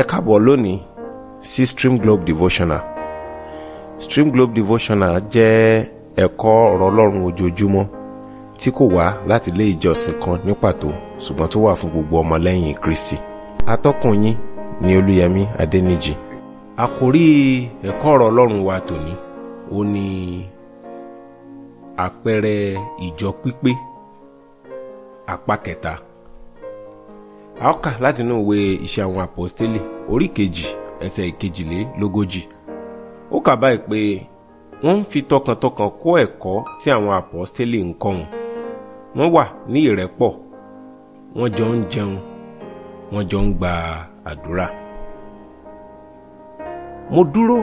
ẹ káàbọ̀ lónìí sí stream globe devotional stream globe devotional jẹ́ ẹ̀kọ́ ọ̀rọ̀ ọlọ́run ojoojúmọ́ tí kò wá láti ilé ìjọsìn kan ní pàtó ṣùgbọ́n tó wà fún gbogbo ọmọlẹ́yìn kristi atọ́kùn yín ni olúyẹmí adẹ́nìjì àkórí ẹ̀kọ́ ọ̀rọ̀ ọlọ́run wa tòní ó ní àpẹẹrẹ ìjọ pípé apá kẹta a ó kà láti inú ìwé iṣẹ́ àwọn àpọ́stélì orí kejì ẹsẹ̀ ìkejìlélógójì ó kà báyìí pé wọ́n ń fi tọkàntọkàn kó ẹ̀kọ́ tí àwọn àpọ́stélì ń kọ́ wọn wọ́n wà ní ìrẹ́pọ̀ wọ́n jọ ń jẹun wọ́n jọ ń gba àdúrà mo dúró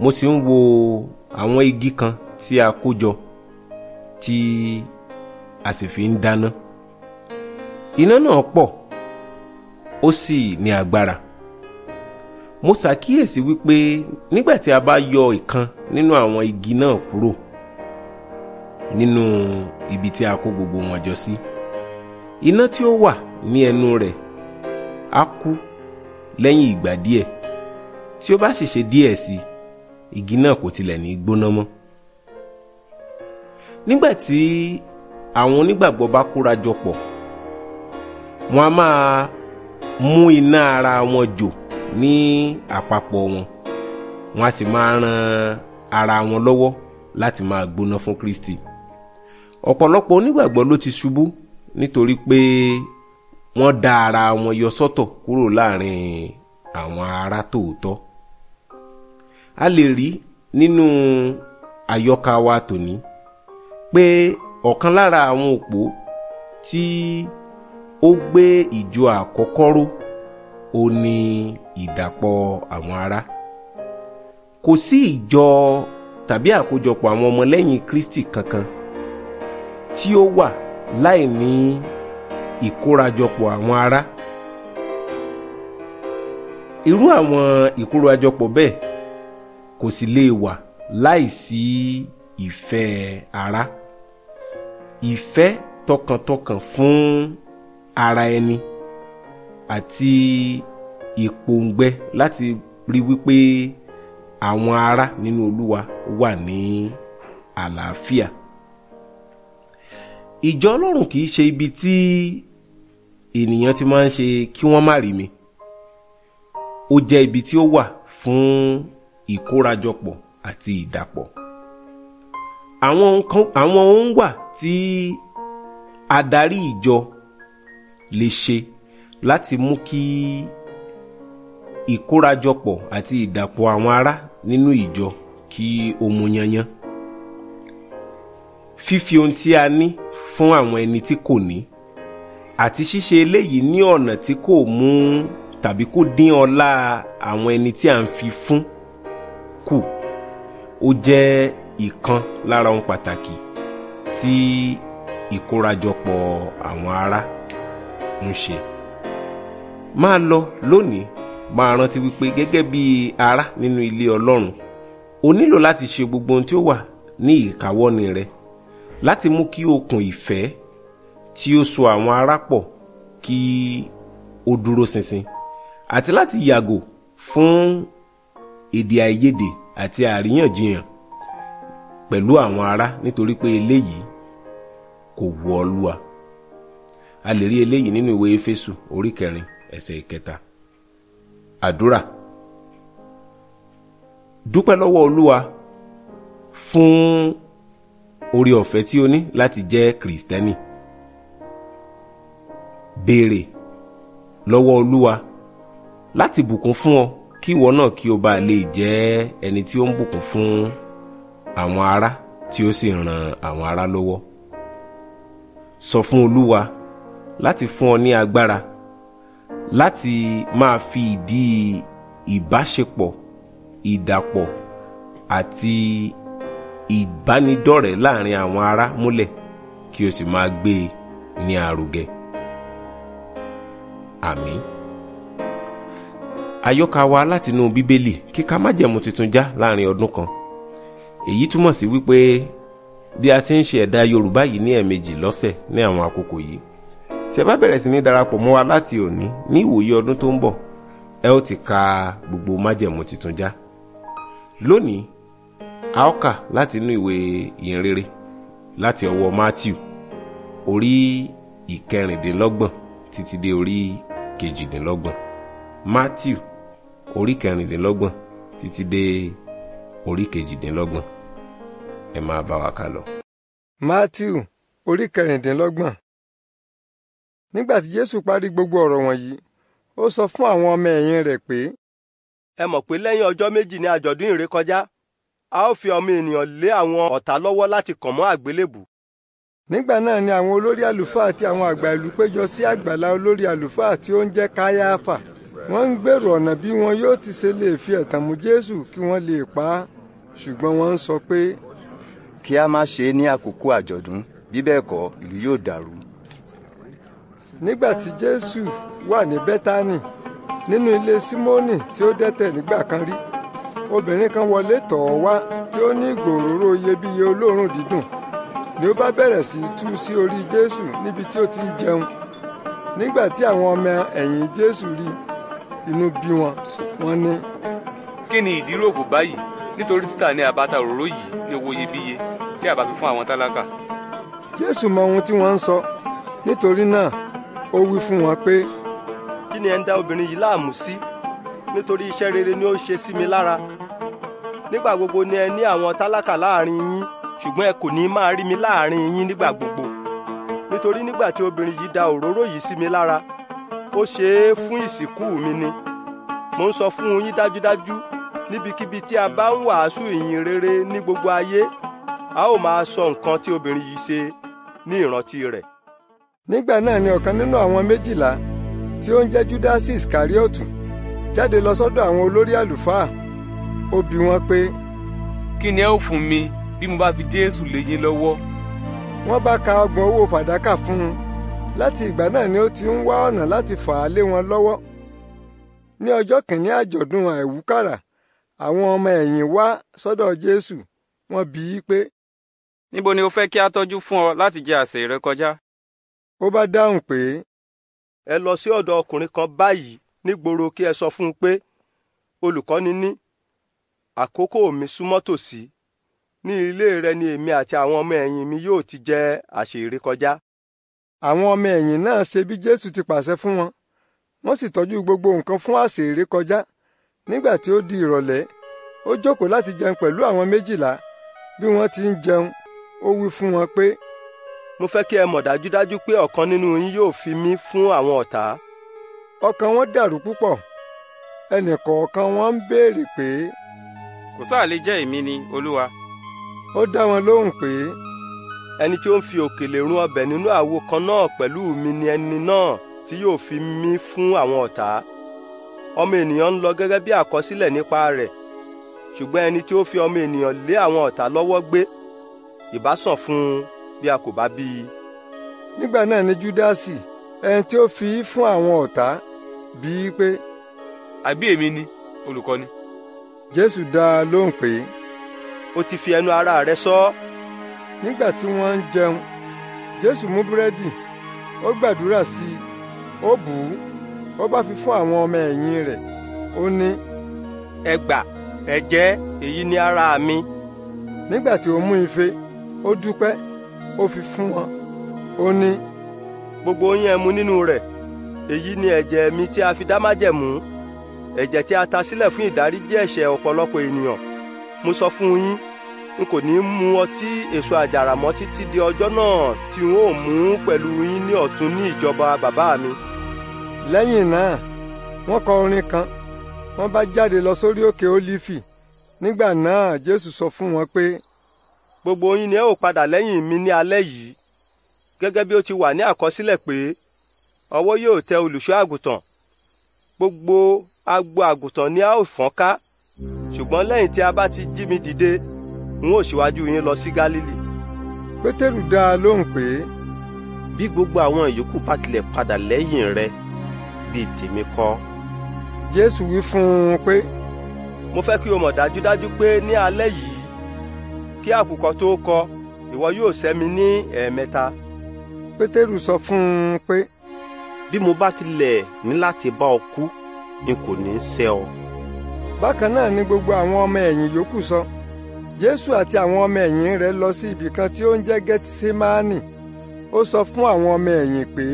mo sì ń wo àwọn igi kan tí a kó jọ tí a sì fi ń dáná iná náà pọ̀ ó sì ní agbára. mo ṣàkíyèsí wípé nígbà tí a bá yọ ìkan nínú àwọn igi náà kúrò nínú ibi tí a kó gbogbo wọn jọ sí iná tí ó wà ní ẹnu rẹ̀ á kú lẹ́yìn ìgbà díẹ̀ tí ó bá sì ṣe díẹ̀ sí igi náà kò tilẹ̀ ní gbóná mọ́ nígbà tí àwọn onígbàgbọ́ bá kóra jọ pọ̀ máa mú iná ara wọn jò ní àpapọ̀ wọn wọn a sì máa ran ara wọn lọ́wọ́ láti máa gbóná fún Kristi ọ̀pọ̀lọpọ̀ onígbàgbọ́ ló ti ṣubú nítorí pé wọ́n dá ara wọn yọ sọ́tọ̀ kúrò láàrin àwọn ará tòótọ́ a lè rí nínú àyọkà wa tòní pé ọ̀kan lára àwọn òpó tí. Ti ó gbé ìjọ àkọ́kọ́ ró ó ní ìdàpọ̀ àwọn ará kò sí ìjọ tàbí àkójọpọ̀ àwọn ọmọlẹ́yìn Kristi kankan tí ó wà láì ní ìkórajọpọ̀ àwọn ará irú àwọn ìkórajọpọ̀ bẹ́ẹ̀ kò sì lè wà láì sí ìfẹ́ ará ìfẹ́ tọkàntọkàn fún ara ẹni àti ìpòǹgbẹ láti rí wípé àwọn ará nínú olúwa wà ní àlàáfíà ìjọ ọlọ́run kì í ṣe ibi tí ènìyàn ti máa ń ṣe kí wọ́n má rí mi ó jẹ́ ibi tí ó wà fún ìkórajọpọ̀ àti ìdàpọ̀ àwọn ohun wà tí adarí ìjọ lè ṣe láti mú kí ìkórajọpọ̀ àti ìdàpọ̀ àwọn ará nínú ìjọ kí ó mú yanyan fífi ohun tí a ní fún àwọn ẹni tí kò ní àti ṣíṣe eléyìí ní ọ̀nà tí kò mú tàbí kò dín ọlá àwọn ẹni tí a ń fi fún kù ó jẹ́ ìkan lára ohun pàtàkì tí ìkórajọpọ̀ àwọn ará ń ṣe máa lọ lónìí máa rántí wípé gẹ́gẹ́ bí ará nínú ilé ọlọ́run o nílò láti ṣe gbogbo ohun tí ó wà ní ìkáwọ́ni rẹ láti mú kí okùn ìfẹ́ tí ó so àwọn ará pọ̀ kí ó dúró ṣinṣin àti láti yàgò fún èdè àìyedè àti àríyànjiyàn pẹ̀lú àwọn ará nítorí pé eléyìí kò wù Olúwa a lè rí eléyìí nínú ìwé Éfésù orí kẹrin ẹsẹ̀ ìkẹta. àdúrà dúpẹ́ lọ́wọ́ Olúwa fún orí ọ̀fẹ́ tí o ní láti jẹ́ kìrìsìtẹ́nì béèrè lọ́wọ́ Olúwa láti bùkún fún ọ kí ìwọ náà kí o bá lè jẹ́ ẹni tí ó ń bùkún fún àwọn ará tí ó sì ran àwọn ará lọ́wọ́ sọ fún Olúwa láti fún ọ ní agbára láti máa fi ìdí ìbáṣepọ̀ ìdàpọ̀ àti ìbánidọ́rẹ̀ẹ́ láàrin àwọn ará múlẹ̀ kí o sì máa gbé e ní àrògẹ. àmín àyọkà wa látinú bíbélì kíka májẹ̀mú tuntun já láàrin ọdún kan èyí túmọ̀ sí wípé bí a ti ń ṣe ẹ̀dà yorùbá yìí ní ẹ̀ẹ̀mejì lọ́sẹ̀ ní àwọn àkókò yìí tí ẹ bá bẹ̀rẹ̀ sí ní darapọ̀ mọ́ wa láti òní ní ìwòye ọdún tó ń bọ̀ ẹ ó ti ka gbogbo májẹ̀mú tuntun já lónìí a ó kà láti inú ìwé ìyìnrere láti ọwọ́ Matthew orí ìkẹrìndínlọ́gbọ̀n títí dé orí kejìdínlọ́gbọ̀n Matthew orí kẹrìndínlọ́gbọ̀n títí dé orí kejìdínlọ́gbọ̀n ẹ máa bá wa kà lọ. Matthew orí kẹrìndínlọ́gbọ̀n nígbà tí jésù parí gbogbo ọ̀rọ̀ wọ̀nyí ó sọ fún àwọn ọmọ ẹ̀yìn rẹ̀ pé. ẹ mọ̀ pé lẹ́yìn ọjọ́ méjì ni àjọ̀dún ìrékọjá a ó fi ọmọ ènìyàn lé àwọn ọ̀tá lọ́wọ́ láti kàn mọ́ àgbélébù. nígbà náà ni àwọn olórí àlùfáà àti àwọn àgbà ìlú péjọ sí àgbàlá olórí àlùfáà tí ó ń jẹ́ káyáfà wọ́n ń gbèrò ọ̀nà bí wọn yóò ti ṣe lè fi ẹ̀tàn mú jésù kí wọ́n lè pa á ṣùgbọ́n wọ́n ń sọ pé. kí a má ṣe é ní àkókò àjọ̀dún bí bẹ́ẹ̀ ìlú yóò dàrú nígbà tí jésù wà ní bẹ́tánì nínú ilé símónì tí ó dẹ́tẹ̀ nígbà kan rí obìnrin kan wọlé tọ̀ ọ́ wá tí ó ní ìgò òróró iyebíye olóòórùn dídùn ni ó bá bẹ̀rẹ̀ sí í tú sí orí jésù níbi tí ó ti ń jẹun nígbà tí àwọn ọmọ ẹ̀yìn jésù rí inú bí wọn wọ́n ní. kí ni ìdí rògbò báyìí nítorí títà ní àbáta òróró yìí ní owó iyebíye tí a bá fi fún àwọn tálákà. jésù mọ ohun tí wọ́n ń sọ nítorí náà ó wí fún wọn pé. kí ni ẹ ń dá obìnrin yìí láàmú sí nítorí iṣẹ́ rere ni ó ṣe sí mi lára nígbà gbogbo ni ẹ ní àwọn tálákà láàrin yín ṣùgbọ́n ẹ kò ní máa rí mi láàrin yín nígbà gbogbo nítorí nígbà tí obìnrin yìí da òróró yìí sí mi lára ó ṣe é fún ìsìnkú mi ni mo ń sọ fún yín dájúdájú níbikíbi tí a bá ń wàásù ìyìn rere ní gbogbo ayé a ó máa sọ nǹkan tí obìnrin yìí ṣe ní ìrántí rẹ̀ nígbà náà ni ọ̀kan nínú àwọn méjìlá tí ó ń jẹ́ judasi iskariotu jáde lọ sọ́dọ̀ àwọn olórí àlùfáà ó bi wọ́n pé. kí ni ẹ ó fún mi bí mo bá fi jésù lé yín lọ́wọ́. wọ́n bá ka ọgbọ̀n owó fàdákà fún un láti ìgbà náà ni ó ti ń wá ọ̀nà láti fà á lé wọn lọ́wọ́. ní ọjọ́ kìíní àjọ̀dún àìwúkàrà àwọn ọmọ ẹ̀yìn wá sọ́dọ̀ jésù wọ́n bi í pé. níbo ni o fẹ́ kí a tọ́jú fún ọ láti jẹ àsè rẹ ó bá dáhùn pé ẹ lọ sí ọ̀dọ̀ ọkùnrin kan báyìí nígboro kí ẹ sọ fún un pé olùkọ́ni ní àkókò mi súnmọ́ tòsí ní ilé rẹ ni èmi àti àwọn ọmọ ẹ̀yìn mi yóò ti jẹ àṣírí kọjá. àwọn ọmọ ẹ̀yìn náà ṣe bí jésù ti pàṣẹ fún wọn wọ́n sì tọ́jú gbogbo nǹkan fún àṣírí kọjá nígbà tí ó di ìrọ̀lẹ́ ó jókòó láti jẹun pẹ̀lú àwọn méjìlá bí wọ́n ti ń jẹun ó wí fún wọn pé mo fẹ́ kí ẹ mọ̀ dájúdájú pé ọ̀kan nínú yín yóò fi mí fún àwọn ọ̀tá. ọkàn wọn dàrú púpọ̀ ẹnì kọ̀ọ̀kan wọn ń béèrè pé. kò sáà lè jẹ́ èmi ni olúwa. ó dá wọn lóhùn pé. ẹni tí ó ń fi òkèlè run ọbẹ̀ nínú àwo kan náà pẹ̀lú mi ni ẹni náà tí yóò fi mí fún àwọn ọ̀tá. ọmọ ènìyàn ń lọ gẹ́gẹ́ bí àkọsílẹ̀ nípa rẹ̀ ṣùgbọ́n ẹni tí ó fi ọmọ ènìyàn lé àwọn ọ̀tá lọ́wọ́ gbé ìbá fún un bí a kò bá bí i. nígbà náà ni júdásì ẹni tí ó fi í fún àwọn ọ̀tá bí i pé. àbí èmi ni olùkọ́ni. jésù dá a lóhùn pé. o ti fi ẹnu ara rẹ sọ nígbà tí wọ́n ń jẹun jésù mú búrẹ́dì ó gbàdúrà sí i ó bù ú ó bá fi fún àwọn ọmọ ẹ̀yìn rẹ̀ ó ní. ẹ gbà ẹ jẹ èyí ni ara mi. nígbà tí ó mú ife ó dúpẹ́ ó fi fún wọn ó ní. gbogbo oyin ẹ mu nínú rẹ̀ èyí ni ẹ̀jẹ̀ mi tí a fi dá májẹ̀mú ẹ̀jẹ̀ tí a ta sílẹ̀ fún ìdáríjì ẹ̀ṣẹ̀ ọ̀pọ̀lọpọ̀ ènìyàn mo sọ fún yín n kò ní mu ọtí èso àjàrà mọ́ títí di ọjọ́ náà tí n ó mú pẹ̀lú yín ní ọ̀tún ní ìjọba bàbá mi. lẹ́yìn náà wọ́n kọ orin kan wọ́n bá jáde lọ sórí òkè ólífì nígbà náà jésù sọ fún wọn pé. gbogbo yín ni ẹ ò padà lẹ́yìn mi ní alẹ́ yìí gẹ́gẹ́ bí ó ti wà ní àkọsílẹ̀ pé ọwọ́ yóò tẹ olùṣọ́ àgùntàn gbogbo agbo àgùntàn ni a ó fọ́n ká ṣùgbọ́n lẹ́yìn tí a bá ti jí mi dìde n ó ṣíwájú yín lọ sí Gálílì. Pétérù dá a lóhùn pé. bí gbogbo àwọn ìyókù bá tilẹ̀ padà lẹ́yìn rẹ bíi tèmi kọ́. Jésù wí fún un pé. mo fẹ́ kí o mọ̀ dájúdájú pé ní alẹ́ yìí kí àkùkọ tó kọ ìwọ yóò sẹ́ mi ní ẹ̀ẹ̀mẹ́ta. pétérù sọ fún un pé. bí mo bá tilẹ̀ ní láti bá ọ kú n kò ní í sẹ́ ọ. bákan náà ni gbogbo àwọn ọmọ ẹ̀yìn yòókù sọ jésù àti àwọn ọmọ ẹ̀yìn rẹ̀ lọ sí ibìkan tí ó ń jẹ́ gẹ́tísémánì ó sọ fún àwọn ọmọ ẹ̀yìn pé.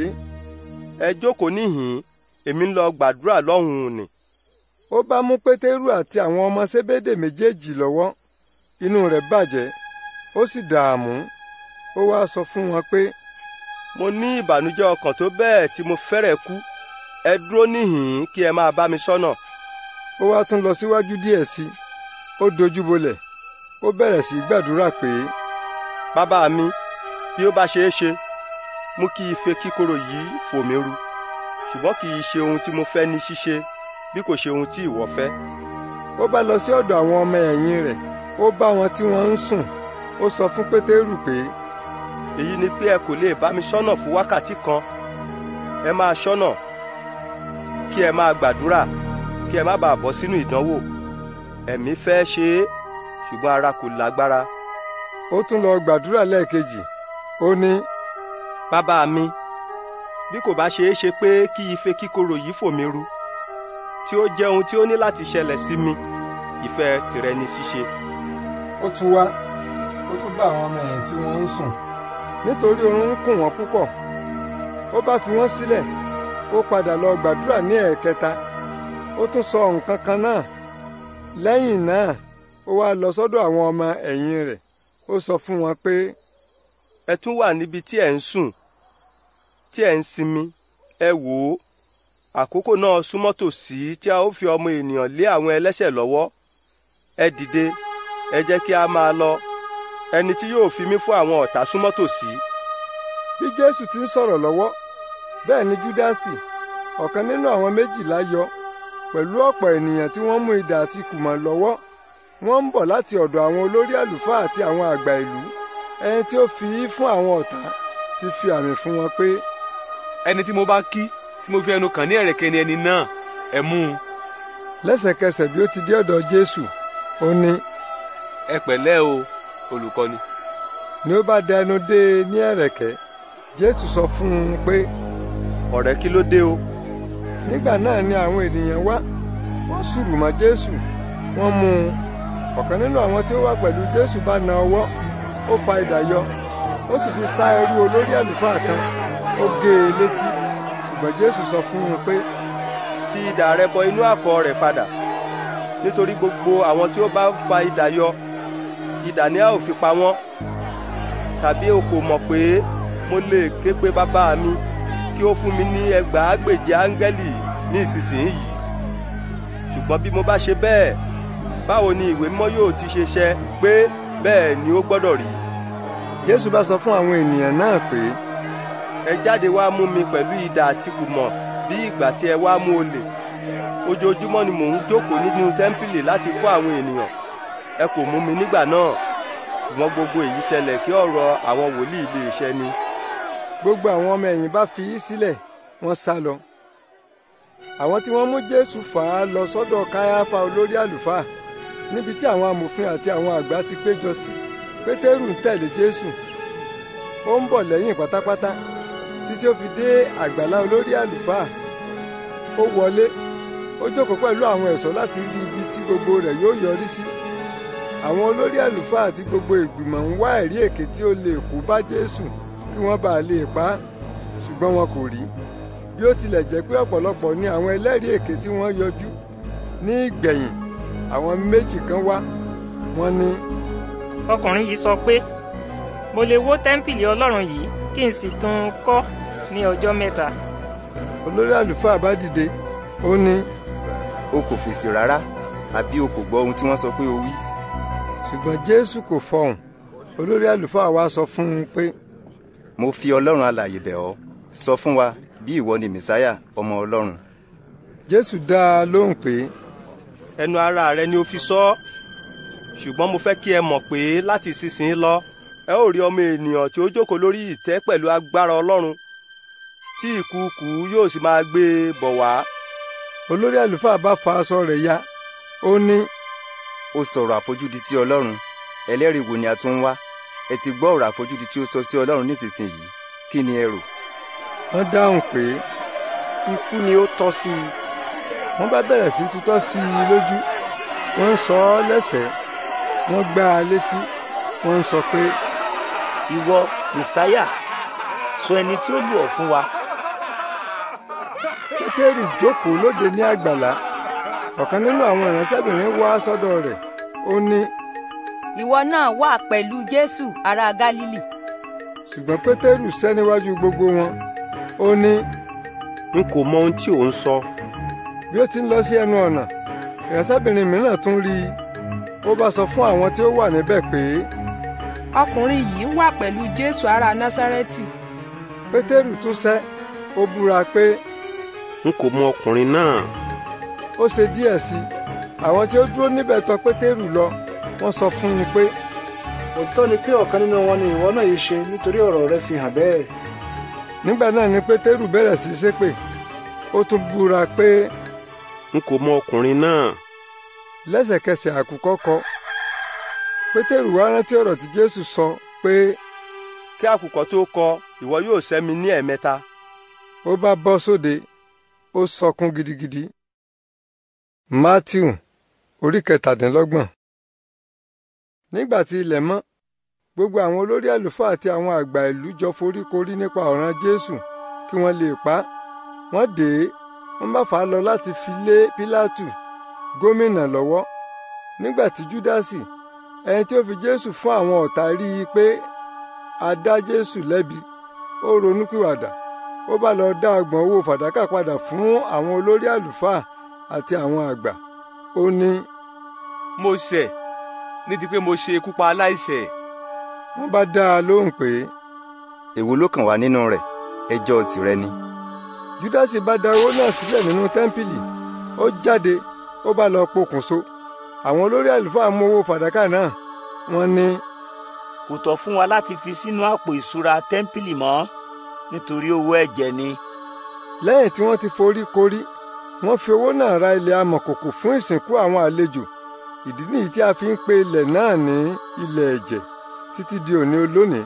ẹ jókòó níhìn-ín èmi ń lọ gbàdúrà lọ́hùn-ún ni. ó bá mú pétérù àti àwọn ọmọ sébédè méjèèjì lọ́wọ́ inú rẹ̀ bàjẹ́ ó sì dààmú ó wá sọ fún wọn pé. mo ní ìbànújẹ́ ọkàn tó bẹ́ẹ̀ tí mo fẹ́rẹ̀ kú ẹ dúró níhìn-ín kí ẹ máa bá mi sọ́nà. ó wá tún lọ síwájú díẹ̀ sí i ó dojúbolẹ̀ ó bẹ̀rẹ̀ sí í gbàdúrà pé. bàbá mi bí ó bá ṣeé ṣe mú kí ife kíkorò yìí fò mí ru ṣùgbọ́n kì í ṣe ohun tí mo fẹ́ ní ṣíṣe bí kò ṣe ohun tí ìwọ fẹ́. ó bá lọ sí ọ̀dọ̀ àwọn ọmọ ẹ̀yìn rẹ̀ ó bá wọn tí wọ́n ń sùn ó sọ fún pétérù pé. èyí ni pé ẹ kò lè bá mi ṣọ́nà fún wákàtí kan ẹ máa ṣọ́nà kí ẹ máa gbàdúrà kí ẹ má bàa bọ́ sínú ìdánwò ẹ̀mí fẹ́ ṣe é ṣùgbọ́n ara kò lágbára. ó tún lọ gbàdúrà lẹ́ẹ̀kejì ó ní. bàbá mi bí kò bá ṣeé ṣe pé kí ife kíkorò yìí fò mí ru tí ó jẹ́ ohun tí ó ní láti ṣẹlẹ̀ sí mi ìfẹ́ tìrẹ ni ṣíṣe. Si ó tún wá ó tún bá àwọn ọmọ ẹ̀yìn tí wọ́n ń sùn nítorí oorun ń kùn wọ́n púpọ̀ ó bá fi wọ́n sílẹ̀ ó padà lọ gbàdúrà ní ẹ̀ẹ̀kẹta ó tún sọ nǹkan kan náà lẹ́yìn náà ó wá lọ sọ́dọ̀ àwọn ọmọ ẹ̀yìn rẹ̀ ó sọ fún wọn pé ẹ tún wà níbi tí ẹ ń sùn tí ẹ ń sinmi ẹ wò ó àkókò náà súnmọ́ tòsí tí a ó fi ọmọ ènìyàn lé àwọn ẹlẹ́ṣẹ̀ lọ́wọ́ ẹ dìde ẹ jẹ́ kí a máa lọ ẹni tí yóò fi mí fún àwọn ọ̀tá súnmọ́ tòsí. bí jésù ti ń sọ̀rọ̀ lọ́wọ́ bẹ́ẹ̀ ni júdásì ọ̀kan nínú àwọn méjìlá yọ pẹ̀lú ọ̀pọ̀ ènìyàn tí wọ́n mú idà àti kùmọ̀ lọ́wọ́ wọ́n ń bọ̀ láti ọ̀dọ̀ àwọn olórí àlùfáà àti àwọn àgbà ìlú ẹni tí ó fi í fún àwọn ọ̀tá ti fi àmì fún wọn pé. ẹni tí mo bá kí tí mo fi ẹnu kàn ní ẹ̀rẹ̀kẹ́ ni ẹni náà ẹ mú un. lẹ́sẹ̀kẹsẹ̀ bí ó ti dé ọ̀dọ̀ jésù ó ní ẹ pẹ̀lẹ́ o olùkọ́ni. ni ó bá dẹnu dé e ní ẹ̀rẹ̀kẹ́ jésù sọ fún un pé. ọ̀rẹ́ kí ló dé o. nígbà náà ni àwọn ènìyàn wá wọ́n sùrù mọ́ jésù wọ́n mú un ọ̀kan nínú àwọn tí ó wà pẹ̀lú jésù bá na ọwọ́ ó fa idà yọ ó sì fi sá ẹrú olórí àlùfáà kan ó gé e létí ṣùgbọ́n jésù sọ fún un pé. ti idà rẹ bọ inú àkọ̀ rẹ̀ padà nítorí gbogbo àwọn tí ó bá fa idà yọ ìdàníà ò fi pa wọ́n tàbí o kò mọ̀ pé mo lè ké pe bàbá mi kí ó fún mi ní ẹgbàágbèje áńgẹ́lì ní ìsinsìnyí ṣùgbọ́n bí mo bá ṣe bẹ́ẹ̀ báwo ni ìwé mímọ́ yóò ti ṣe ṣẹ pé bẹ́ẹ̀ ni ó gbọ́dọ̀ rí. Jésù bá sọ fún àwọn ènìyàn náà pé. ẹ jáde wá mú mi pẹ̀lú idà àti kùmọ̀ bí ìgbà tí ẹ wá mú olè ojoojúmọ́ ni mò ń jókòó nínú tẹ́ḿpìlì láti kọ́ àwọn ènìyàn ẹ kò mú mi nígbà náà ṣùgbọ́n gbogbo èyí ṣẹlẹ̀ kí ọ̀rọ̀ àwọn wòlíì lè ṣẹ ni. gbogbo àwọn ọmọ ẹ̀yìn bá fi í sílẹ̀ wọ́n sá lọ. àwọn tí wọ́n mú jésù fà á lọ sọ́dọ̀ káyáfà olórí àlùfáà níbi tí àwọn amòfin àti àwọn àgbà ti péjọ sí pétérù ń tẹ̀lé jésù ó ń bọ̀ lẹ́yìn pátápátá títí ó fi dé àgbàlá olórí àlùfáà ó wọlé ó jókòó pẹ̀lú àwọn ẹ̀ṣọ́ láti rí ibi tí gbogbo rẹ̀ yóò yọrí sí. Si àwọn olórí àlùfáà àti gbogbo ìgbìmọ̀ ń wá ẹ̀rí èké tí ó lè kó bá Jésù kí wọ́n bá lè pa á ṣùgbọ́n wọn kò rí bí ó tilẹ̀ jẹ́ pé ọ̀pọ̀lọpọ̀ ni àwọn ẹlẹ́rìí èké tí wọ́n yọjú ní ìgbẹ̀yìn àwọn méjì kan wá wọ́n ní. ọkùnrin yìí sọ pé mo lè wó tẹ́ḿpìlì Ọlọ́run yìí kí n sì tún un kọ́ ní ọjọ́ mẹ́ta. olórí àlùfáà bá dìde ó ní. o kò fèsì rárá àbí o kò gbọ́ ohun tí wọ́n sọ pé o wí ṣùgbọ́n jésù kò fọhùn olórí àlùfáà wa sọ fún un pé. mo fi ọlọ́run alààyè bẹ̀ ọ́ sọ fún wa bí ìwọ ni mẹsáyà ọmọ ọlọ́run. jésù dá a lóhùn pé. ẹnu ara rẹ ni ó fi sọ ọ́ ṣùgbọ́n mo fẹ́ kí ẹ mọ̀ pé láti ìsinsìnyí lọ ẹ ó rí ọmọ ènìyàn tí ó jókòó lórí ìtẹ́ pẹ̀lú agbára ọlọ́run tí ìkúùkù yóò sì máa gbé e bọ̀ wá. olórí àlùfáà bá fa aṣọ rẹ̀ ya ó ní ó sọ̀rọ̀ àfojúdi sí ọlọ́run ẹlẹ́rìí wo ni a tún ń wá ẹ ti gbọ́ ọ̀rọ̀ àfojúdi tí ó sọ sí ọlọ́run nísinsìnyí kí ni ẹ rò. wọ́n dáhùn pé ikú ni ó tọ́ sí i wọ́n bá bẹ̀rẹ̀ sí tutọ́ sí i lójú wọ́n ń sọ ọ́ lẹ́sẹ̀ẹ́ wọ́n gbá a létí wọ́n ń sọ pé. ìwọ mẹsáyà sọ ẹni tí ó lù ọ́ fún wa. pétérì jókòó lóde ní àgbàlá ọ̀kan nínú àwọn ìránṣẹ́bìnrin wá sọ́dọ̀ rẹ̀ ó ní. ìwọ náà wà pẹ̀lú jésù ará gálílì. ṣùgbọ́n pétérù sẹ́ níwájú gbogbo wọn ó ní. n kò mọ ohun tí ò ń sọ. bí ó ti ń lọ sí ẹnu ọ̀nà ìránṣẹ́bìnrin mìíràn tún rí i ó bá sọ fún àwọn tí ó wà níbẹ̀ pé. ọkùnrin yìí wà pẹ̀lú jésù ará násárẹ́tì. pétérù tún sẹ́ ó búra pé. n kò mọ ọkùnrin náà. ó ṣe díẹ̀ sí i àwọn tí ó dúró níbẹ̀ tọ̀ lọ wọ́n sọ fún un pé. òtítọ́ ni pé ọ̀kan nínú wọn ni ìwọ náà yìí ṣe nítorí ọ̀rọ̀ rẹ fi hàn bẹ́ẹ̀. nígbà náà ni pétérù bẹ̀rẹ̀ sí í ṣépè ó tún búra pé. n kò mọ ọkùnrin náà. lẹ́sẹ̀kẹsẹ̀ kọ pétérù wá rántí ọ̀rọ̀ tí sọ pé. kí àkùkọ tó kọ ìwọ yóò ní ẹ̀mẹ́ta. ó bá bọ́ sóde ó sọkún gidigidi. Matthew, orí kẹtàdínlọ́gbọ̀n. Nígbà tí ilẹ̀ mọ́, gbogbo àwọn olórí àlùfáà àti àwọn àgbà ìlú jọ foríkorí nípa ọ̀ràn Jésù kí wọ́n lè pa á. Wọ́n dè é, wọ́n bá fà á lọ láti fi lé Pílátù, gómìnà lọ́wọ́. Nígbà tí Júdásì, ẹni tí ó fi Jésù fún àwọn ọ̀tá rí i pé a dá Jésù lẹ́bi, ó ronúpìwàdà, ó bá lọ dá ọgbọ̀n owó fàdákà padà fún àwọn olórí àlùfáà àti àwọn àgbà ó ní. mo ṣẹ̀ ní ti pé mo ṣe ikú pa aláìṣẹ̀. wọ́n bá dá a lóhùn pé. èwo ló kàn wá nínú rẹ̀ ẹjọ́ tìrẹ ni. júdásì bá da owó náà sílẹ̀ nínú tẹ́ḿpìlì ó jáde ó bá lọ pokùnso àwọn olórí àlùfáà mú owó fàdákà náà wọ́n ní. kò tọ́ fún wa láti fi sínú àpò ìṣúra tẹ́ḿpìlì mọ́ nítorí owó ẹ̀jẹ̀ ni. lẹ́yìn tí wọ́n ti forí korí wọ́n fi owó náà ra ilẹ̀ amọ̀kòkò fún ìsìnkú àwọn àlejò ìdí nìyí tí a fi ń pe ilẹ̀ náà ní ilẹ̀ ẹ̀jẹ̀ títí di òní olónìí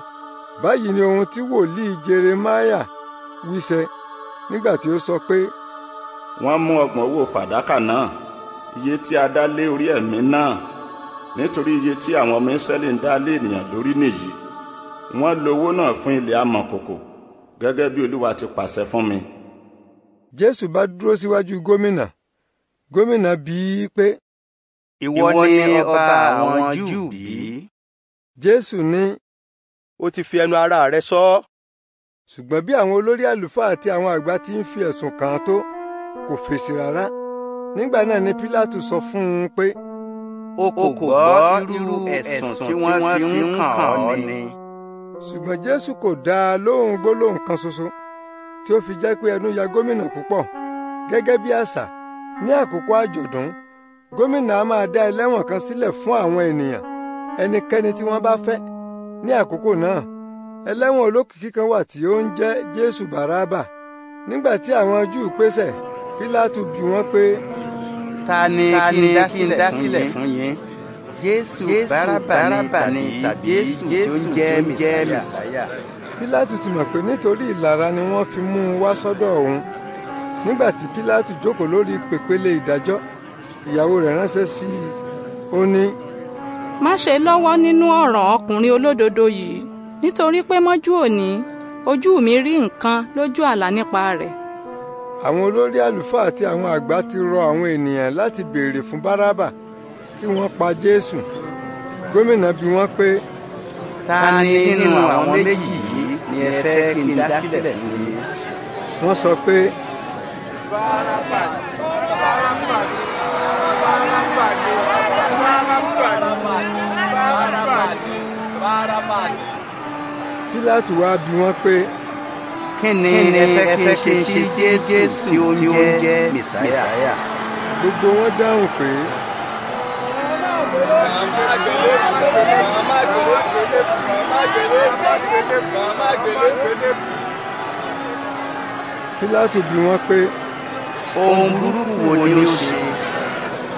báyìí ni ohun tí wòlíì jeremáyà wíṣẹ nígbà tí ó sọ pé. wọ́n mú ọgbọ̀n owó fàdákà náà iye tí a dá lé orí ẹ̀mí náà nítorí iye tí àwọn ọmọ ìsẹ́lẹ̀ ń dá lé ènìyàn lórí nìyí wọ́n lo owó náà fún ilẹ̀ amọ̀kòkò gẹ́gẹ́ bí olúwa ti pàṣẹ fún mi jésù bá dúró síwájú gómìnà gómìnà bi í pé. ìwọ ni ọba àwọn júù bí. jésù ní. ó ti fi ẹnu ara rẹ̀ sọ ọ́. ṣùgbọ́n bí àwọn olórí àlùfáà àti àwọn àgbà ti ń fi ẹ̀sùn kàn án tó kò fèsì rárá nígbà náà ni pílátù sọ fún un pé. o kò gbọ́ irú ẹ̀sùn tí wọ́n fi ń kàn ọ́ ni. ṣùgbọ́n jésù kò dá lóhùn gbólóhùn kan ṣoṣo. So -so tí ó fi jẹ́ pé ẹnu ya gómìnà púpọ̀ gẹ́gẹ́ bí àṣà ní àkókò àjọ̀dún gómìnà a máa dá ẹlẹ́wọ̀n kan sílẹ̀ fún àwọn ènìyàn ẹnikẹ́ni tí wọ́n bá fẹ́ ní àkókò náà ẹlẹ́wọ̀n olókìkí kan wà tí ó ń jẹ́ Jésù Bàrábà nígbà tí àwọn Júù pèsè Pílátù bi wọ́n pé. ta ni kí n dá fún yín Jésù Bàrábà ni tàbí Jésù tó ń jẹ́ Mèsáyà pílátù ti mọ̀ pé nítorí ìlara ni wọ́n fi mú un wá sọ́dọ̀ òun nígbà tí pílátù jókòó lórí pèpéle ìdájọ́ ìyàwó rẹ̀ ránṣẹ́ sí i ó ní. má ṣe lọ́wọ́ nínú ọ̀ràn ọkùnrin olódodo yìí nítorí pé mọ́jú òní ojú mi rí nǹkan lójú àlá nípa rẹ̀. àwọn olórí àlùfáà àti àwọn àgbà ti rọ àwọn ènìyàn láti béèrè fún bárábà kí wọ́n pa jésù gómìnà bi wọ́n pé. ta ni nínú àwọn méjì yìí yẹn fẹ́ kí n dá fún mi. wọ́n sọ pé. báràbà báràbà bi wọ́n pé. kí ni kí n ṣe sí jésù tí ó ń jẹ́ mẹ̀sáyà. gbogbo wọn dáhùn pé. Pílátù bi wọ́n pé ohun burúkú wo ni ó ṣe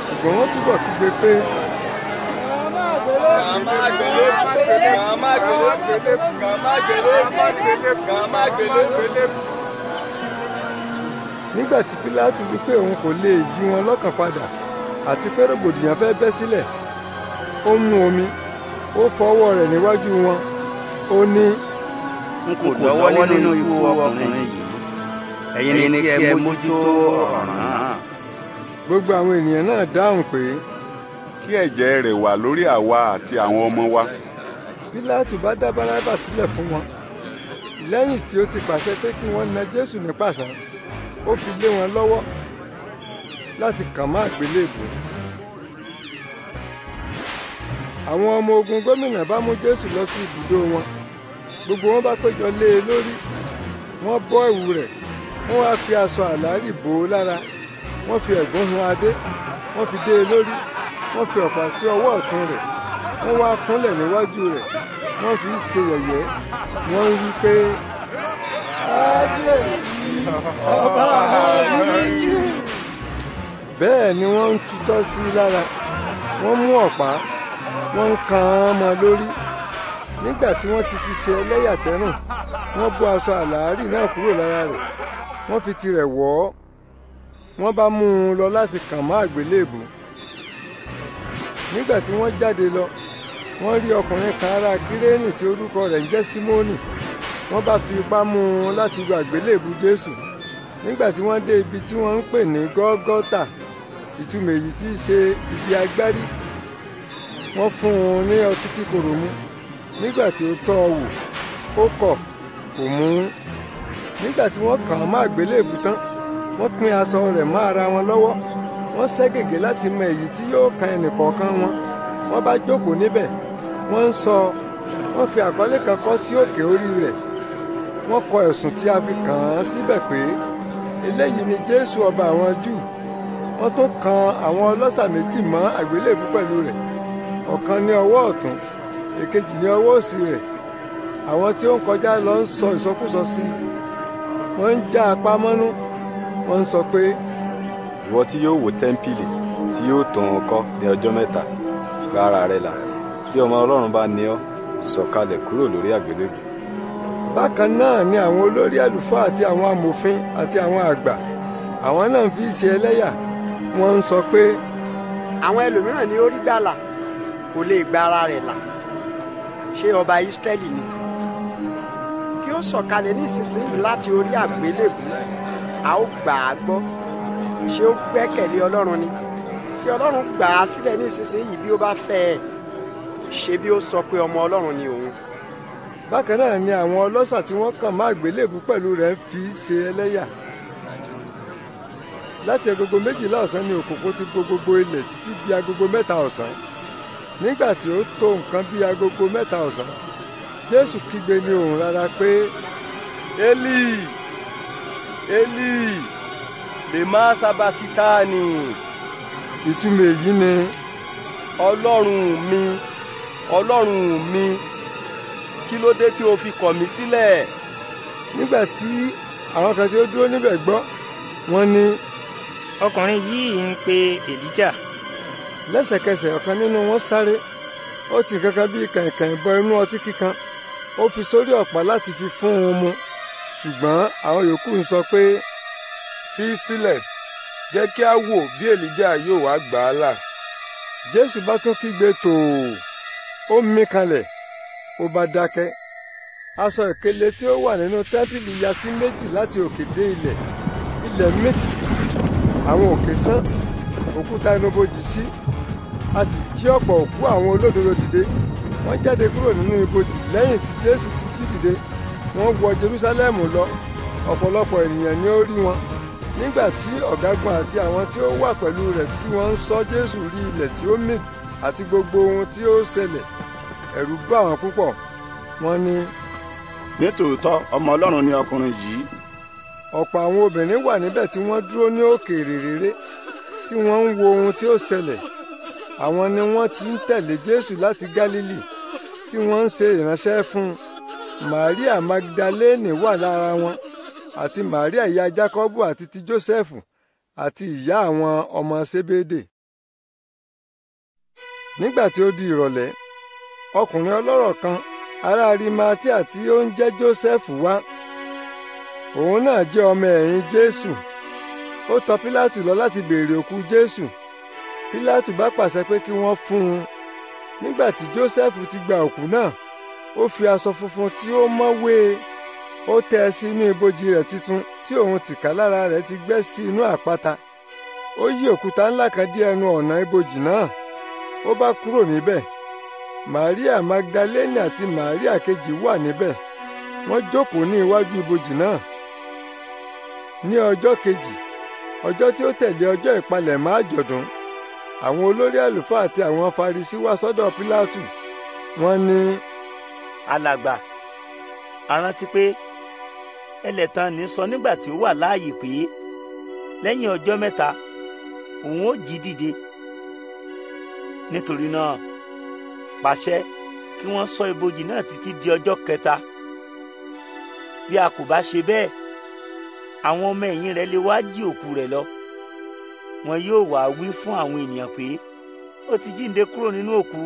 ṣùgbọ́n wọ́n túbọ̀ kígbe pé nígbà tí Pílátù rí pé òun kò lè yí wọn lọ́kàn padà àti pé rògbòdìyàn fẹ́ bẹ́ sílẹ̀ ó mu omi ó fọwọ́ rẹ̀ níwájú wọn ó ní. n kò dọ́wọ́ nínú ikú ọkùnrin yìí ẹ̀yin ni kí ẹ mójútó ọ̀ràn náà. gbogbo àwọn ènìyàn náà dáhùn pé. kí ẹ̀jẹ̀ rẹ̀ wà lórí àwa àti àwọn ọmọ wa. pílátù bá dá bárábà sílẹ̀ fún wọn lẹ́yìn tí ó ti pàṣẹ pé kí wọ́n na jésù ní pàṣán ó fi lé wọn lọ́wọ́ láti kàn má àgbélébùú àwọn ọmọ ogun gómìnà bá mú jésù lọ sí ibùdó wọn gbogbo wọn bá péjọ lé e lórí wọn bọ́ ẹ̀wù rẹ̀ wọn wá fi aṣọ àlárì bò ó lára wọn fi ẹ̀gbọ́n hun adé wọn fi dé e lórí wọn fi ọ̀pá sí ọwọ́ ọ̀tún rẹ̀ wọn wá kúnlẹ̀ níwájú rẹ̀ wọn fi ṣe yẹ̀yẹ́ wọn ń wí pé kábíyèsí ọba àwọn jù. bẹ́ẹ̀ ni wọ́n ń tutọ́ sí i lára wọ́n mú ọ̀pá wọ́n ń kan án mọ́ lórí nígbà tí wọ́n ti fi ṣe ẹlẹ́yàtẹ́rùn wọ́n bó aṣọ àlàárì náà kúrò lára rẹ̀ wọ́n fi tirẹ̀ wọ̀ ọ́ wọ́n bá mú un lọ láti kàn mọ́ àgbélébù nígbà tí wọ́n jáde lọ wọ́n rí ọkùnrin kan ará kírénì tí orúkọ rẹ̀ ń jẹ́ símónì wọ́n bá fi ipá mú un láti lu àgbélébù jésù nígbà tí wọ́n dé ibi tí wọ́n ń pè ní gọ́gọ́tà ìtumọ̀ èyí tí í ṣe ibi agbárí wọ́n fún un ní ọtí kíkorò mu nígbà tí ó tọ́ ọ wò ó kọ̀ kò mú un nígbà tí wọ́n kàn án má àgbélébù tán wọ́n pín aṣọ rẹ̀ mọ́ ara wọn lọ́wọ́ wọ́n ṣẹ́ gègé láti mọ èyí tí yóò kan ẹnìkọ̀ọ̀kan wọn wọ́n bá jókòó níbẹ̀ wọ́n ń sọ wọ́n fi àkọlé kan kọ́ sí òkè orí rẹ̀ wọ́n kọ ẹ̀sùn tí a fi kàn án síbẹ̀ pé eléyìí ni jésù ọba àwọn júù wọ́n tún kan àwọn ọlọ́ṣà méjì mọ́ àgbélébù pẹ̀lú rẹ̀ ọ̀kan ní ọwọ́ ọ̀tún èkejì ní ọwọ́ òsì rẹ̀ àwọn tí ó ń kọjá lọ ń sọ ìsọkúsọ sí i wọ́n ń já apá mọ́nú wọ́n ń sọ pé. ìwọ tí yóò wó tẹ́ḿpìlì tí yóò tún un kọ́ ní ọjọ́ mẹ́ta gba ara rẹ là bí ọmọ ọlọ́run bá ní ọ sọ̀kalẹ̀ kúrò lórí àgbélébù. bákan náà ni àwọn olórí àlùfáà àti àwọn amòfin àti àwọn àgbà àwọn náà fi ṣe ẹlẹ́yà wọ́n ń sọ pé. àwọn ẹlòmíràn ni ó rí gbàlà kò lè gba ara rẹ̀ là ṣé ọba Ísírẹ́lì ni kí ó sọ̀kalẹ̀ nísinsìnyí láti orí àgbélébù a ó gbà á gbọ́ ṣé ó gbẹ́kẹ̀lé Ọlọ́run ni kí Ọlọ́run gbà á sílẹ̀ nísinsìnyí bí ó bá fẹ́ ẹ ṣe bí ó sọ pé ọmọ Ọlọ́run ni òun. bákan náà ni àwọn ọlọ́ṣà tí wọ́n kàn má àgbélébù pẹ̀lú rẹ̀ fi ṣe ẹlẹ́yà láti agogo méjìlá ọ̀sán ni òkòkò ti gbogbo ilẹ̀ títí di agogo mẹ́ta ọ̀sán nígbà tí ó tó nǹkan bíi agogo mẹ́ta ọ̀sán jésù kígbe ní ohùn rárá pé eli eli lè má sábàkítà ni. ìtumọ̀ èyí ni. ọlọ́run mi ọlọ́run mi kí ló dé tí o fi kọ̀ mí sílẹ̀. nígbà tí àwọn kan tí dúró níbẹ̀ gbọ́ wọ́n ní. ọkùnrin yìí ń pe èlíjà lẹ́sẹ̀kẹsẹ̀ ọ̀kan nínú wọn sáré ó ti kankan bíi kàìnkàìn bọ inú ọtí kíkan ó fi sórí ọ̀pá láti fi fún un mu ṣùgbọ́n àwọn yòókù ń sọ pé fi sílẹ̀ jẹ́ kí a wò bí èlìjà yóò wá gbà á là jésù bá tún kígbe tòò ó mí kanlẹ̀ ó bá dákẹ́ aṣọ ìkélé tí ó wà nínú tẹ́ḿpìlì ya sí méjì láti òkè dé ilẹ̀ ilẹ̀ mì tìtì àwọn òkè sán òkúta ẹnubojì sí a sì jí ọ̀pọ̀ òkú àwọn olódodo dìde wọ́n jáde kúrò nínú ibojì lẹ́yìn tí jésù ti jí dìde wọ́n wọ jerúsálẹ́mù lọ ọ̀pọ̀lọpọ̀ ènìyàn ni ó rí wọn nígbà tí ọ̀gágun àti àwọn tí ó wà pẹ̀lú rẹ̀ tí wọ́n ń sọ jésù rí ilẹ̀ tí ó mì àti gbogbo ohun tí ó ṣẹlẹ̀ ẹ̀rù bá wọn púpọ̀ wọ́n ní. nítòótọ́ ọmọ ọlọ́run ni ọkùnrin yìí. ọ̀pọ̀ àwọn obìnrin wà níbẹ̀ tí wọ́n dúró ní òkèèrè réré tí wọ́n ń wo ohun tí ó ṣẹlẹ̀ àwọn ni wọ́n ti ń tẹ̀lé Jésù láti Gálílì tí wọ́n ń ṣe ìránṣẹ́ fún un Màríà Magdalene wà lára wọn àti Maria ìyá Jákọ́bù àti ti Joseph àti ìyá àwọn ọmọ Sébédè. Nígbà tí ó di ìrọ̀lẹ́ ọkùnrin ọlọ́rọ̀ kan ará Arimatia tí ó ń jẹ́ Jósẹ́fù wá òun náà jẹ́ ọmọ ẹ̀yìn Jésù ó tọ̀ Pílátù lọ láti béèrè òkú Jésù pílátù bá pàṣẹ pé kí wọ́n fún un nígbà tí jósẹ́fù ti gba òkú náà ó fi aṣọ funfun tí ó mọ́ wé e ó tẹ́ ẹ sí inú ibojì rẹ̀ titun tí òun tìkà lára rẹ̀ ti gbẹ́ sí inú àpáta ó yí òkúta ńlá kan dí ẹnu ọ̀nà ibojì náà ó bá kúrò níbẹ̀ màríà magdalene àti màríà kejì wà níbẹ̀ wọ́n jókòó ní iwájú ibojì náà ní ọjọ́ kejì ọjọ́ tí ó tẹ̀lé ọjọ́ ìpalẹ̀mọ́ àjọ̀dún àwọn olórí àlùfáà àti àwọn Farisí wá sọ́dọ̀ Pílátù wọ́n ní. alàgbà a rántí pé ẹlẹ́tàn ní sọ nígbà tí ó wà láàyè pé lẹ́yìn ọjọ́ mẹ́ta òun ó jí dìde nítorí náà pàṣẹ kí wọ́n sọ ibojì náà títí di ọjọ́ kẹta bí a kò bá ṣe bẹ́ẹ̀ àwọn ọmọ ẹ̀yìn rẹ̀ lè wá jí òkú rẹ̀ lọ wọn yóò wá wí fún àwọn ènìyàn pé ó ti jíǹde kúrò nínú òkú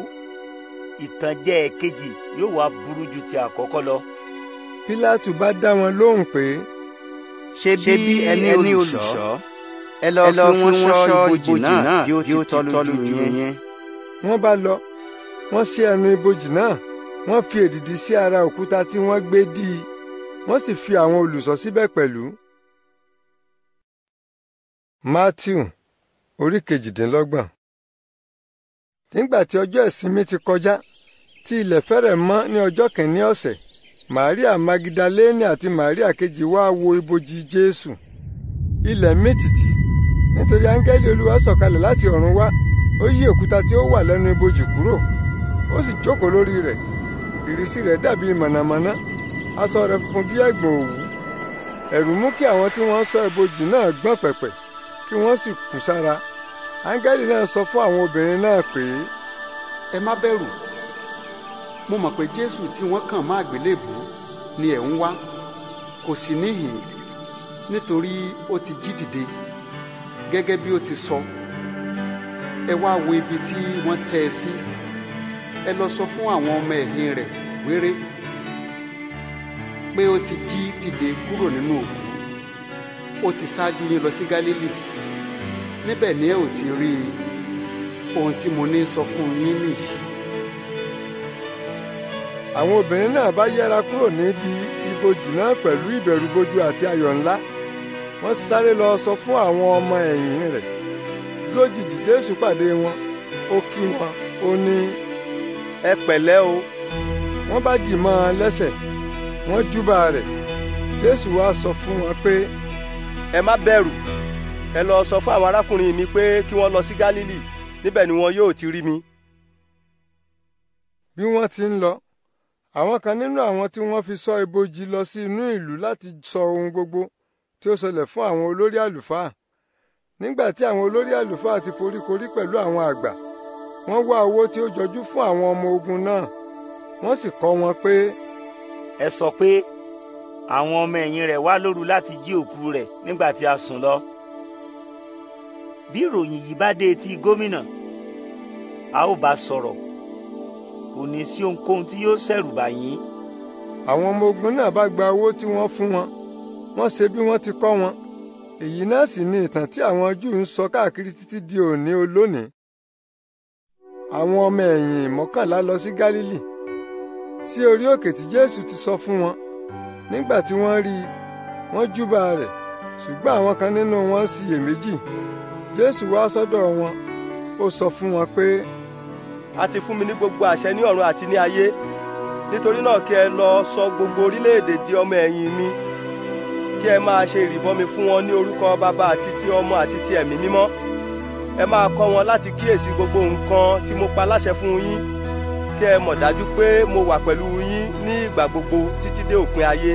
ìtànjẹ ẹ̀kejì yóò wá burú ju ti àkọ́kọ́ lọ. pílátù bá dá wọn lóhùn pé. ṣé bí ẹni olùṣọ́ ẹ lọ fi wọ́n ṣọ́ ibojì náà bí ó ti tọ́lu yẹn. wọ́n bá lọ wọ́n ṣí ẹnu ibojì náà wọ́n fi èdìdì sí ara òkúta tí wọ́n gbé dí i wọ́n sì fi àwọn olùṣọ́ síbẹ̀ pẹ̀lú. Matthew orí kejìdínlọ́gbọ̀n. nígbà tí ọjọ́ ìsinmi ti kọjá tí ilẹ̀ fẹ́rẹ̀ mọ́ ní ọjọ́ kìíní ọ̀sẹ̀ maria magidaleni àti maria kejì wá wo ibojì jésù ilẹ̀ mìtìtì nítorí áńgẹ́lì olúwa sọ̀kalẹ̀ láti ọ̀run wá ó yí òkúta tí ó wà lẹ́nu ibojì kúrò ó sì jókòó lórí rẹ̀ ìrísí rẹ̀ dàbí mọ̀nàmọ́ná aṣọ rẹ̀ funfun bí ẹ̀gbọ̀n òwú ẹ̀rù mú kí àwọn tí wọ́n ṣọ́ ibojì náà gbọ̀n pẹ̀pẹ̀ kí wọ́n sì kù sára áńgẹ́lì náà sọ fún àwọn obìnrin náà pé. ẹ má bẹ̀rù mo mọ̀ pé jésù tí wọ́n kàn má àgbélébùú ni ẹ̀ ń wá kò sí níhìn nítorí ó ti jí dìde gẹ́gẹ́ bí ó ti sọ ẹ wá wo ibi tí wọ́n tẹ́ ẹ sí ẹ lọ sọ fún àwọn ọmọ ẹ̀yìn rẹ̀ wéré pé ó ti jí dìde kúrò nínú òkú ó ti ṣáájú yín lọ sí Gálílì níbẹ̀ ni ẹ ò ti rí i ohun tí mo ní sọ fún yín nìyí. àwọn obìnrin náà bá yẹra kúrò níbi ibojì náà pẹ̀lú ìbẹ̀rùbojo àti ayọ̀ ńlá wọ́n sáré lọ sọ fún àwọn ọmọ ẹ̀yìn rẹ̀ lójijì jésù pàdé wọn ó kí wọn ó ní. ẹ pẹ̀lẹ́ o. wọ́n bá dì mọ́ ọ lẹ́sẹ̀ wọ́n júbà rẹ̀ jésù wá sọ fún wọn pé. ẹ má bẹ̀rù ẹ lọ sọ fún àwọn arákùnrin mi pé kí wọ́n lọ sí Gálílì níbẹ̀ ni wọn yóò ti rí mi. bí wọ́n ti ń lọ àwọn kan nínú àwọn tí wọ́n fi sọ ibojì lọ sí inú ìlú láti sọ ohun gbogbo tí ó ṣẹlẹ̀ fún àwọn olórí àlùfáà nígbà tí àwọn olórí àlùfáà ti foríkorí pẹ̀lú àwọn àgbà wọ́n wá owó tí ó jọjú fún àwọn ọmọ ogun náà wọ́n sì kọ́ wọn pé. ẹ sọ pé àwọn ọmọ ẹ̀yìn rẹ̀ wá lóru láti jí òkú rẹ̀ nígbà tí a sùn lọ bí ìròyìn yìí bá dé etí gómìnà a ó bá sọ̀rọ̀ kò ní sí ohunkóhun tí yóò ṣẹ̀rù bà yín. àwọn ọmọ ogun náà bá gba owó tí wọ́n fún wọn wọ́n ṣe bí wọ́n ti kọ́ wọn èyí náà sì ni ìtàn tí àwọn Júù ń sọ káàkiri títí di òní olónìí. àwọn ọmọ ẹ̀yìn mọ́kànlá lọ sí Gálílì sí orí òkè tí Jésù ti sọ fún wọn nígbà tí wọ́n rí i wọ́n júbà rẹ̀ ṣùgbọ́n àwọn kan nínú wọn ṣiyèméjì. Si jésù wá sọ́dọ̀ wọn ó sọ fún wọn pé. a ti fún mi ní gbogbo àṣẹ ní ọ̀run àti ní ayé nítorí náà kí ẹ lọ sọ gbogbo orílẹ̀-èdè di ọmọ ẹ̀yìn mi kí ẹ máa ṣe ìrìbọmi fún wọn ní orúkọ bàbá àti ti ọmọ àti ti ẹ̀mí mímọ́ ẹ máa kọ́ wọn láti kíyèsí gbogbo nǹkan tí mo pa láṣẹ fún yín kí ẹ mọ̀ dájú pé mo wà pẹ̀lú yín ní ìgbà gbogbo títí dé òpin ayé